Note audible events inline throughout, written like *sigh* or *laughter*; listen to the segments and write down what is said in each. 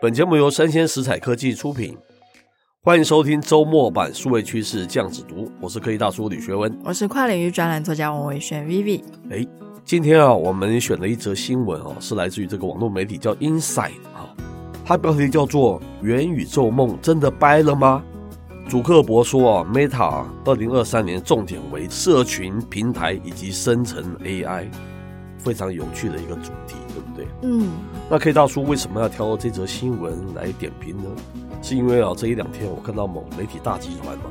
本節目由聲鮮時采科技出品，歡迎收聽周末版數位趨勢醬子讀。我是科技大叔李學文，我是跨領域專、專欄作家王偉選 Vivi。誒，今天啊，我們選了一則新聞哦、啊、是來自於這個網絡媒體叫 Inside 啊，它標題叫做《元宇宙夢真的掰了嗎》。祖克伯說啊，Meta 二零二三年重點為社群平台以及生成 AI。非常有趣的一個主題，對不對？嗯，那 K 大叔為什麼要挑這則新聞來點評呢？是因為啊，這一兩天我看到某媒體大集團嘛，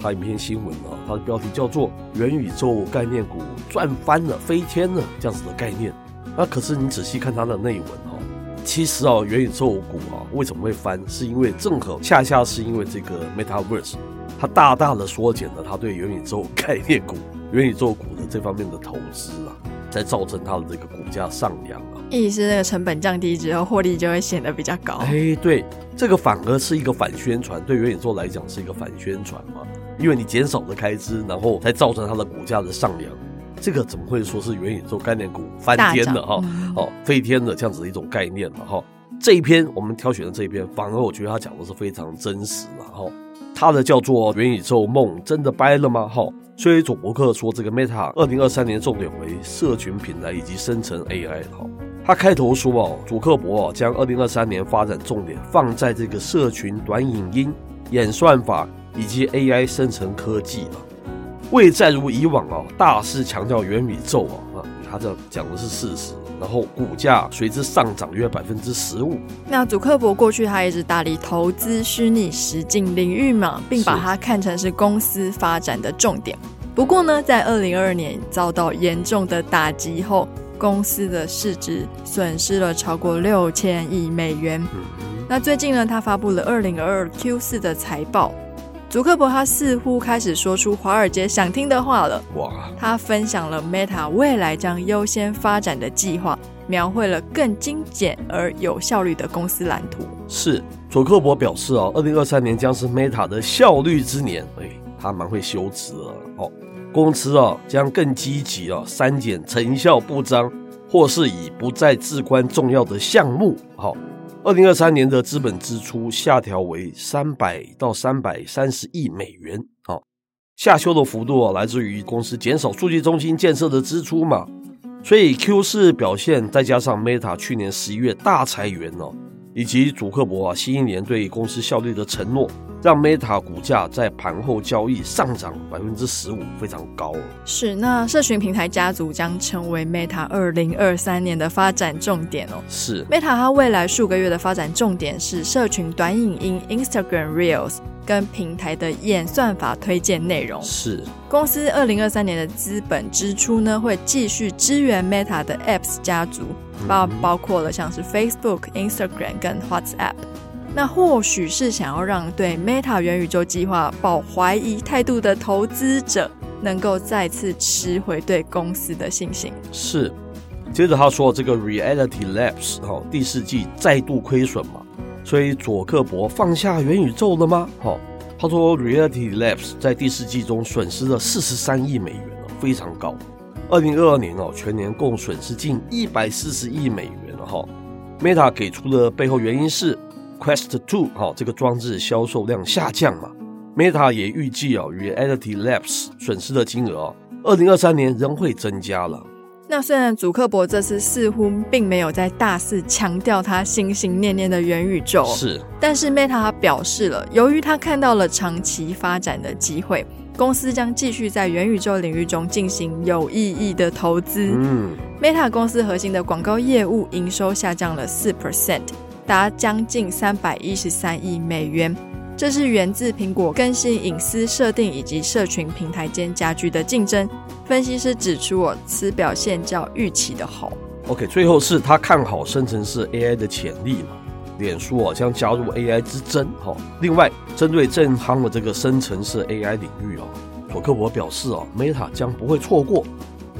它一篇新聞啊，它的標題叫做“元宇宙概念股賺翻了、飛天了”這樣子的概念。那可是你仔細看它的內文哦、啊，其實啊，元宇宙股啊為什麼會翻，是因為正好恰恰是因為這個 Metaverse，它大大的縮減了它對元宇宙概念股、元宇宙股的這方面的投資啊。在造成它的這個股價上揚啊，意思是那個成本降低之後，獲利就會顯得比較高。哎、欸，對，這個反而是一個反宣傳，對元宇宙來講是一個反宣傳嘛，因為你減少了開支，然後才造成它的股價的上揚，這個怎麼會說是元宇宙概念股翻天的哈？哦，飛、嗯嗯、天的這樣子的一種概念嘛。哈。這一篇我們挑選的這一篇，反而我覺得他講的是非常真實然後。他的叫做《元宇宙夢》，真的掰了嗎？哈。所以祖克柏說這個 Meta 二零二三年重點為社群平台以及生成 AI。哈。他開頭說哦，祖克柏哦，將二零二三年發展重點放在這個社群、短影音、演算法、以及 AI 生成科技啊。未再如以往哦，大肆強調元宇宙啊。他這樣講的是事實，然後股價隨之上漲約百分之十五。那祖克伯過去他一直大力投資虛擬實境領域嘛，並把它看成是公司發展的重點。是不過呢，在二零二二年遭到嚴重的打擊後，公司的市值損失了超過六千億美元。嗯，那最近呢，他發布了二零二二 Q 四的財報。佐克伯他似乎開始說出華爾街想聽的話了。哇！他分享了 Meta 未來將優先發展的計劃，描繪了更精簡而有效率的公司藍圖。是，佐克伯表示啊、哦，二零二三年將是 Meta 的效率之年。哎，他蠻會修辭啊！哦，公司啊、哦、將更積極啊、哦、刪減成效不彰或是已不再至關重要的項目。哈、哦。二零二三年的資本支出下調為三百到三百三十億美元。好，下修的幅度、啊、來自於公司減少數據中心建設的支出嘛。所以 Q 四表現，再加上 Meta 去年十一月大裁員哦、啊，以及祖克伯啊新一年對公司效率的承諾，讓 Meta 股價在盤後交易上漲百分之十五，非常高哦。是，那社群平台家族將成為 Meta 二零二三年的發展重點哦。是，Meta 它未來數個月的發展重點是社群短影音 Instagram Reels 跟平台的演算法推薦內容。是，公司二零二三年的資本支出呢，會繼續支援 Meta 的 Apps 家族，包包括了像是 Facebook、Instagram 跟 WhatsApp。那或許是想要讓對 Meta 元宇宙計劃抱懷疑態度的投資者能夠再次吃回對公司的信心。是，接着他說這個 Reality Labs 哦，第四季再度虧損嘛，所以佐克伯放下元宇宙了嗎？哈、哦，他說 Reality Labs 在第四季中損失了四十三億美元哦，非常高。二零二二年哦全年共損失近一百四十億美元哦，哈，Meta 給出的背後原因是。Quest Two 哈、哦，這個裝置銷售量下降嘛？Meta 也預計啊，Reality Labs 損失的金額、哦，二零二三年仍會增加了。那雖然祖克伯這次似乎並沒有在大肆強調他心心念念的元宇宙，是，但是 Meta 表示了，由於他看到了長期發展的機會，公司將繼續在元宇宙領域中進行有意義的投資。嗯，Meta 公司核心的廣告業務營收下降了四 percent。達將近三百一十三億美元，這是源自蘋果更新隱私設定以及社群平台間加劇的競爭。分析師指出，我此表現較預期的好。OK，最後是他看好生成式 AI 的潛力嘛？臉書將加入 AI 之爭。另外，針對正夯的這個生成式 AI 領域哦，佐克伯表示，Meta 將不會錯過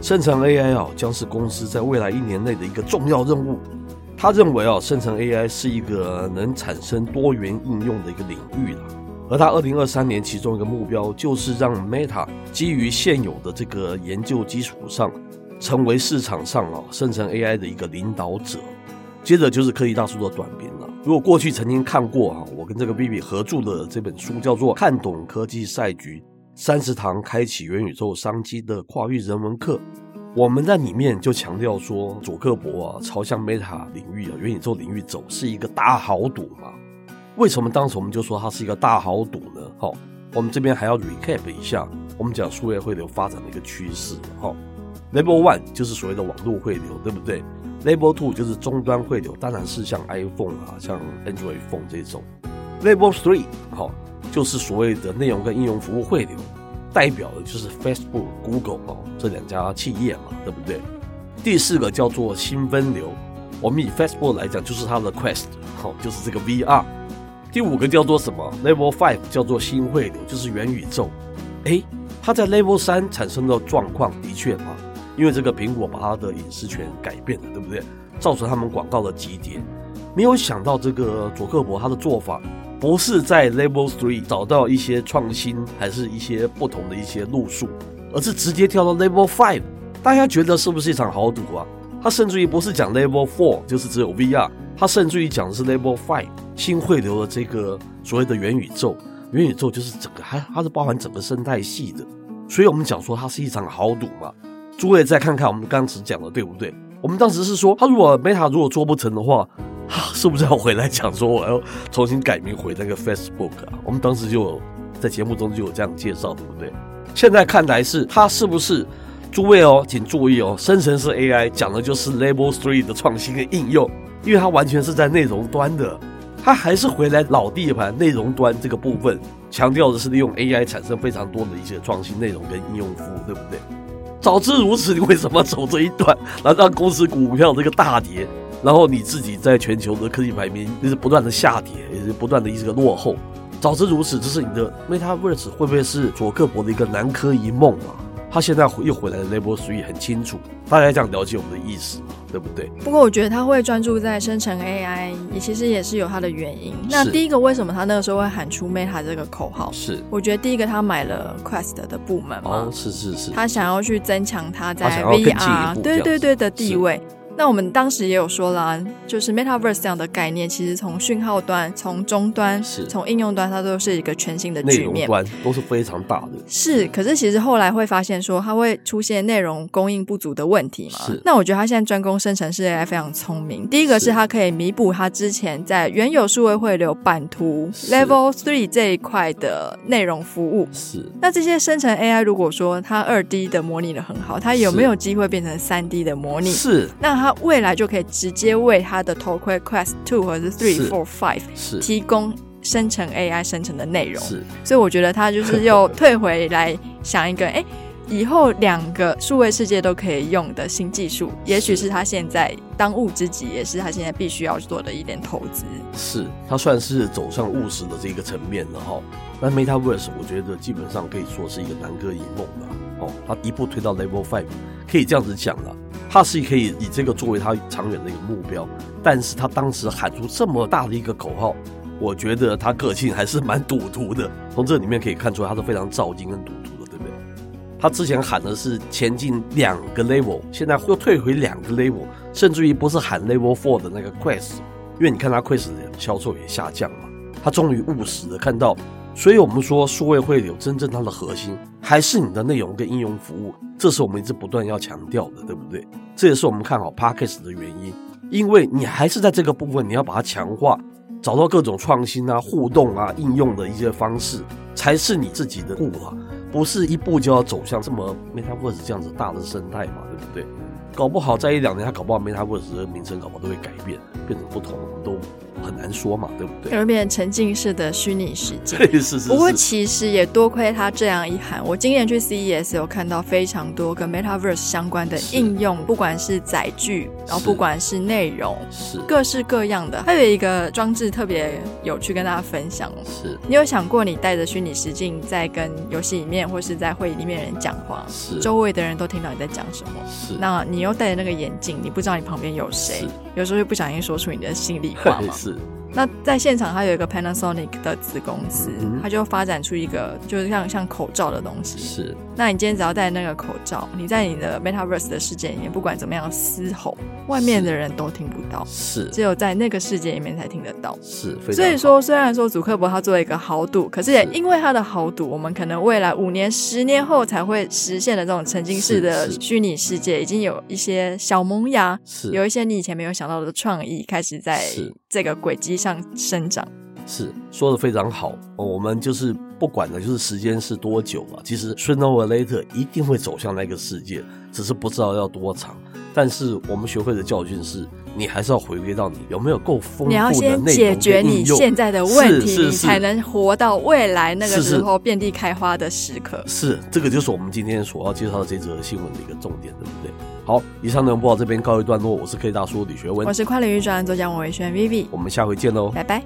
生成 AI 啊，將是公司在未來一年內的一個重要任務。他認為啊，生成 AI 是一個能產生多元應用的一個領域了，而他二零二三年其中一個目標就是讓 Meta 基於現有的這個研究基礎上，成為市場上啊生成 AI 的一個領導者。接着就是科技大叔的短篇了。如果過去曾經看過啊，我跟這個 B B 合著的這本書叫做《看懂科技賽局》，三十堂開啟元宇宙商機的跨域人文課。我們在裡面就強調說，佐克伯啊，朝向 Meta 領域啊、元宇宙領域走是一個大豪賭嘛？為什麼當時我們就說它是一個大豪賭呢？好，我們這邊還要 recap 一下，我們講數位匯流發展的一個趨勢。哈，Level One 就是所謂的網絡匯流，對不對？Level Two 就是終端匯流，當然是像 iPhone 啊、像 Android Phone 這種。Level Three 好，就是所謂的內容跟應用服務匯流。代表的就是 Facebook、Google 哦這兩家企業嘛，對不對？第四個叫做新分流，我們以 Facebook 來講，就是它的 Quest 好，哦，就是這個 VR。第五個叫做什麼？Level Five 叫做新匯流，就是元宇宙。誒，它在 Level 三產生的狀況的確嘛，因為這個蘋果把它的隱私權改變了，對不對？造成他們廣告的集結，沒有想到這個佐克伯他的做法，不是在 Level Three 找到一些創新，還是一些不同的一些路數，而是直接跳到 Level Five。大家覺得是不是一場豪賭啊？他甚至於不是講 Level Four，就是只有 VR，他甚至於講的是 Level Five，新匯流的這個所謂的元宇宙。元宇宙就是整個，它它是包含整個生態系的。所以我們講說它是一場豪賭嘛。諸位再看看我們剛才講的，對不對？我們當時是說，它如果 Meta 如果做不成的話。啊，是不是要回來講說，我要重新改名回那個 Facebook 啊？我們當時就有在節目中就有這樣介紹，對不對？現在看來是，它是不是？諸位哦、喔，請注意哦，生成式 AI 講的就是 Level Three 的創新跟應用，因為它完全是在內容端的，它還是回來老地盤內容端這個部分，強調的是利用 AI 產生非常多的一些創新內容跟應用服務，對不對？早知如此，你為什麼走這一段，來讓公司股票這個大跌？然後你自己在全球的科技排名就是不斷的下跌，也是不斷的一個落後。早知如此，這是你的 Metaverse 會不會是佐克伯的一個南柯一夢嘛？他現在又回，回來的那波，所以很清楚，大家這樣了解我們的意思對不對？不過我覺得他會專注在生成 AI，也其實也是有他的原因。是那第一個，為什麼他那個時候會喊出 Meta 這個口號？是，我覺得第一個他買了 Quest 的部門嘛，哦、是是是，他想要去增強他在 VR 他對對對的地位。那我們當時也有說了啊，就是 Metaverse 這樣的概念，其實從訊號端、從終端、是從應用端，它都是一個全新的局面，觀都是非常大的。是，可是其實後來會發現說，它會出現內容供應不足的問題嘛？是。那我覺得它現在專攻生成式 AI 非常聰明。第一個是它可以彌補它之前在原有數位匯流版圖 Level Three 這一塊的內容服務。是。那這些生成 AI 如果說它二 D 的模擬的很好，它有沒有機會變成三 D 的模擬？是。那它他未來就可以直接為他的頭盔 Quest Two 或者是 Three、Four、Five 提供生成 AI 生成的內容。是，所以我覺得他就是又退回來想一個，哎、 *laughs* 欸，以後兩個數位世界都可以用的新技術，是也許是他現在當務之急，也是他現在必須要做的一點投資。是，他算是走上務實的這個層面了哈。那 Metaverse 我覺得基本上可以說是一個南柯一夢了。哦，他一步推到 Level Five，可以這樣子講了。他是可以以這個作為他長遠的一個目標，但是他當時喊出這麼大的一個口號，我覺得他個性還是蠻賭徒的。從這裡面可以看出來，他是非常躁進跟賭徒的，對不對？他之前喊的是前進兩個 level，現在會退回兩個 level，甚至於不是喊 level four 的那個 quest，因為你看他 quest 的銷售也下降了。他終於務實的看到，所以我們說數位會有真正它的核心。還是你的內容跟應用服務，這是我們一直不斷要強調的，對不對？這也是我們看好 Podcast 的原因，因為你還是在這個部分，你要把它強化，找到各種創新啊、互動啊、應用的一些方式，才是你自己的步啊，不是一步就要走向這麼 Metaverse 這樣子大的生態嘛，對不對？搞不好在一兩年，它搞不好 Metaverse 的名稱搞不好都會改變，變成不同的多。都很難說嘛，對不對？可能變沉浸式的虛擬世界。 *laughs* 是，是，是。不過其實也多虧他這樣一喊，我今年去 CES 有看到非常多跟 Metaverse 相關的應用，是不管是載具。然後不管是內容是各式各樣的，它有一個裝置特別有趣，跟大家分享。是，你有想過，你戴着虛擬實境，在跟遊戲裡面或是在會議裡面的人講話，是周圍的人都聽到你在講什麼？是，那你又戴着那個眼鏡，你不知道你旁邊有誰，是有時候就不小心說出你的心裡話嗎？那在現場，它有一個 Panasonic 的子公司，嗯、哼它就發展出一個，就是像像口罩的東西。是。那你今天只要戴那個口罩，你在你的 Metaverse 的世界裡面，不管怎麼樣嘶吼，外面的人都聽不到。是。只有在那個世界裡面才聽得到。是。是，非常好。所以說，雖然說祖克伯他做了一個豪賭，可是也因為他的豪賭，我們可能未來五年、十年後才會實現的這種沉浸式的虛擬世界，已經有一些小萌芽，是，有一些你以前沒有想到的創意開始在。是。這個軌跡上生長。是，說得非常好，哦。我們就是不管呢，就是時間是多久了，其實 sooner or later 一定會走向那個世界，只是不知道要多長。但是我們學會的教訓是，你還是要回歸到你有沒有夠豐富的內容。你要先解決你現在的問題，你才能活到未來那個時候遍地開花的時刻。是，是，是，這個就是我們今天所要介紹的這則的新聞的一個重點，對不對？好，以上內容播到這邊告一段落。我是 K 大叔李學文，我是跨領域專欄作家王維軒 Vivi，我們下回見嘍，拜拜。